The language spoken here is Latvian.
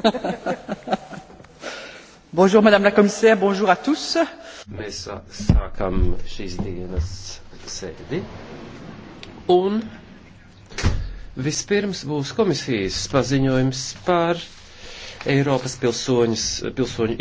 bonjour, madame la commissaire, bonjour à tous. Mēs sākam šīs dienas sēdi. Un vispirms būs komisijas paziņojums par Eiropas pilsoņas, pilsoņu